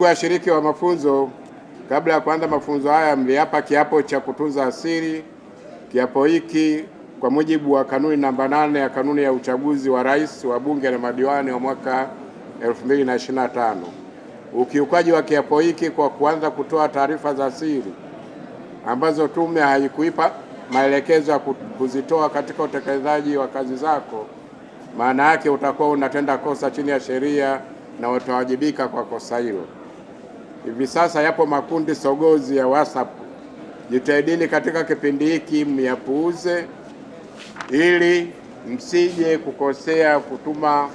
Washiriki wa mafunzo, kabla ya kuanza mafunzo haya, mliapa kiapo cha kutunza asili. Kiapo hiki kwa mujibu wa kanuni namba nane ya kanuni ya uchaguzi wa rais, wa bunge na madiwani wa mwaka 2025. Ukiukaji wa kiapo hiki kwa kuanza kutoa taarifa za siri ambazo tume haikuipa maelekezo ya kuzitoa katika utekelezaji wa kazi zako, maana yake utakuwa unatenda kosa chini ya sheria na utawajibika kwa kosa hilo. Hivi sasa yapo makundi sogozi ya WhatsApp, jitahidini katika kipindi hiki myapuuze, ili msije kukosea kutuma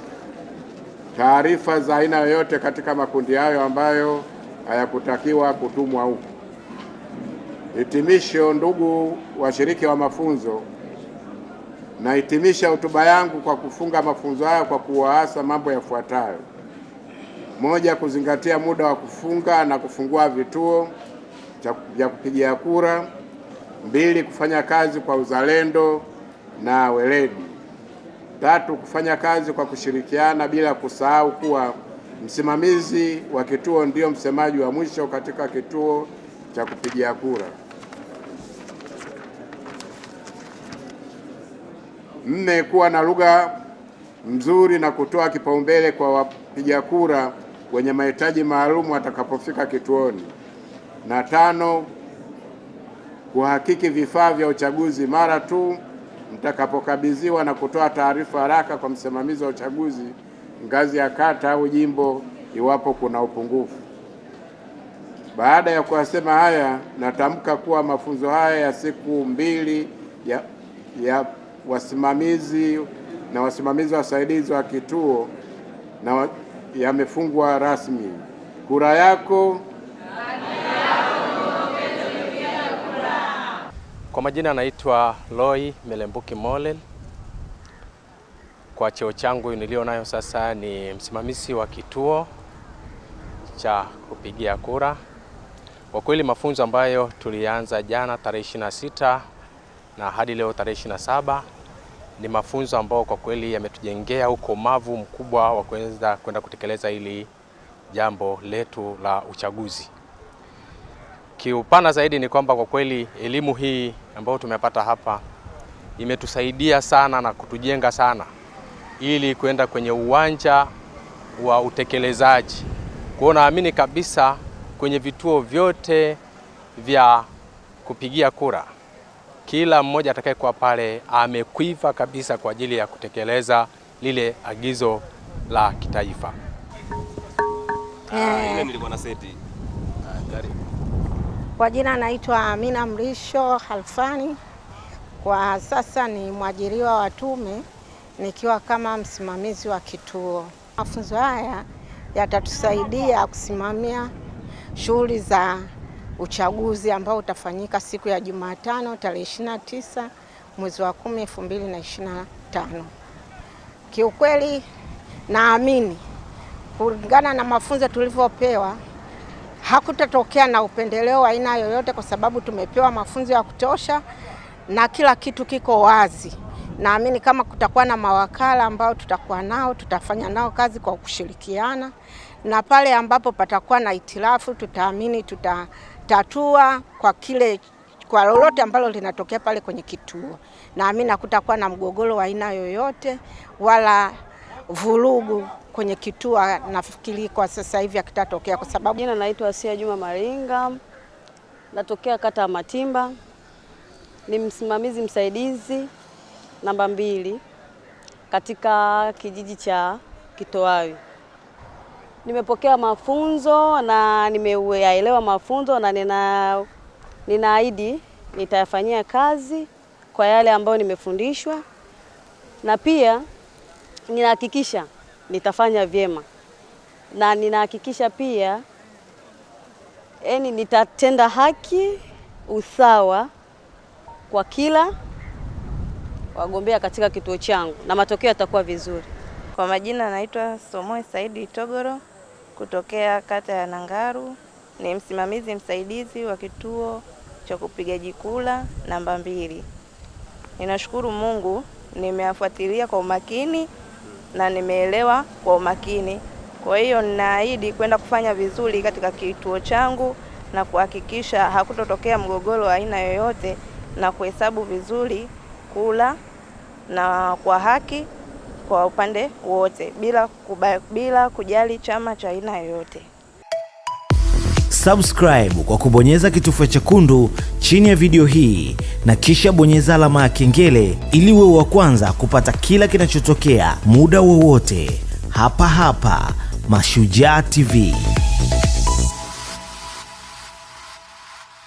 taarifa za aina yoyote katika makundi hayo ambayo hayakutakiwa kutumwa huko. Hitimisho, ndugu washiriki wa mafunzo, nahitimisha hotuba yangu kwa kufunga mafunzo hayo kwa kuwaasa mambo yafuatayo. Moja, kuzingatia muda wa kufunga na kufungua vituo vya kupigia kura. Mbili, kufanya kazi kwa uzalendo na weledi. Tatu, kufanya kazi kwa kushirikiana bila kusahau kuwa msimamizi wa kituo ndiyo msemaji wa mwisho katika kituo cha kupigia kura. Nne, kuwa na lugha nzuri na kutoa kipaumbele kwa wapiga kura wenye mahitaji maalum watakapofika kituoni, na tano, kuhakiki vifaa vya uchaguzi mara tu mtakapokabidhiwa na kutoa taarifa haraka kwa msimamizi wa uchaguzi ngazi ya kata au jimbo iwapo kuna upungufu. Baada ya kuyasema haya, natamka kuwa mafunzo haya ya siku mbili ya, ya wasimamizi na wasimamizi wasaidizi wa kituo na wa, yamefungwa rasmi. Kura yako. Kwa majina anaitwa Loi Melembuki Molel. Kwa cheo changu nilio nayo sasa ni msimamizi wa kituo cha kupigia kura. Kwa kweli mafunzo ambayo tulianza jana tarehe 26 na hadi leo tarehe 27 ni mafunzo ambayo kwa kweli yametujengea ukomavu mkubwa wa kuweza kwenda kutekeleza hili jambo letu la uchaguzi. Kiupana zaidi ni kwamba kwa kweli elimu hii ambayo tumepata hapa imetusaidia sana na kutujenga sana ili kwenda kwenye uwanja wa utekelezaji. Kwa naamini kabisa kwenye vituo vyote vya kupigia kura kila mmoja atakayekuwa pale amekwiva kabisa kwa ajili ya kutekeleza lile agizo la kitaifa. Eh. Ah, ah, kwa jina naitwa Amina Mrisho Halfani, kwa sasa ni mwajiriwa wa tume nikiwa kama msimamizi wa kituo. Mafunzo haya yatatusaidia kusimamia shughuli za uchaguzi ambao utafanyika siku ya Jumatano tarehe 29 mwezi wa 10 2025. Kiukweli naamini kulingana na mafunzo tulivyopewa hakutatokea na upendeleo aina yoyote, kwa sababu tumepewa mafunzo ya kutosha na kila kitu kiko wazi. Naamini kama kutakuwa na mawakala ambao tutakuwa nao, tutafanya nao kazi kwa kushirikiana, na pale ambapo patakuwa na itilafu tutaamini tuta tatua kwa kile kwa lolote ambalo linatokea pale kwenye kituo. Naamini hakutakuwa na mgogoro wa aina yoyote wala vurugu kwenye kituo, nafikiri kwa sasa hivi akitatokea kwa sababu. Jina naitwa Asia Juma Maringa, natokea kata ya Matimba, ni msimamizi msaidizi namba mbili katika kijiji cha Kitoawi. Nimepokea mafunzo na nimeyaelewa mafunzo na nina ninaahidi nitayafanyia kazi kwa yale ambayo nimefundishwa, na pia ninahakikisha nitafanya vyema, na ninahakikisha pia yani nitatenda haki, usawa kwa kila wagombea katika kituo changu na matokeo yatakuwa vizuri. Kwa majina, naitwa Somoe Saidi Itogoro kutokea kata ya Nangaru, ni msimamizi msaidizi wa kituo cha kupigaji kula namba mbili. Ninashukuru Mungu nimeafuatilia kwa umakini na nimeelewa kwa umakini. Kwa hiyo ninaahidi kwenda kufanya vizuri katika kituo changu na kuhakikisha hakutotokea mgogoro wa aina yoyote na kuhesabu vizuri kula na kwa haki kwa upande wote bila, kuba, bila kujali chama cha aina yoyote. Subscribe kwa kubonyeza kitufe chekundu chini ya video hii na kisha bonyeza alama ya kengele ili uwe wa kwanza kupata kila kinachotokea muda wowote hapa hapa Mashujaa TV.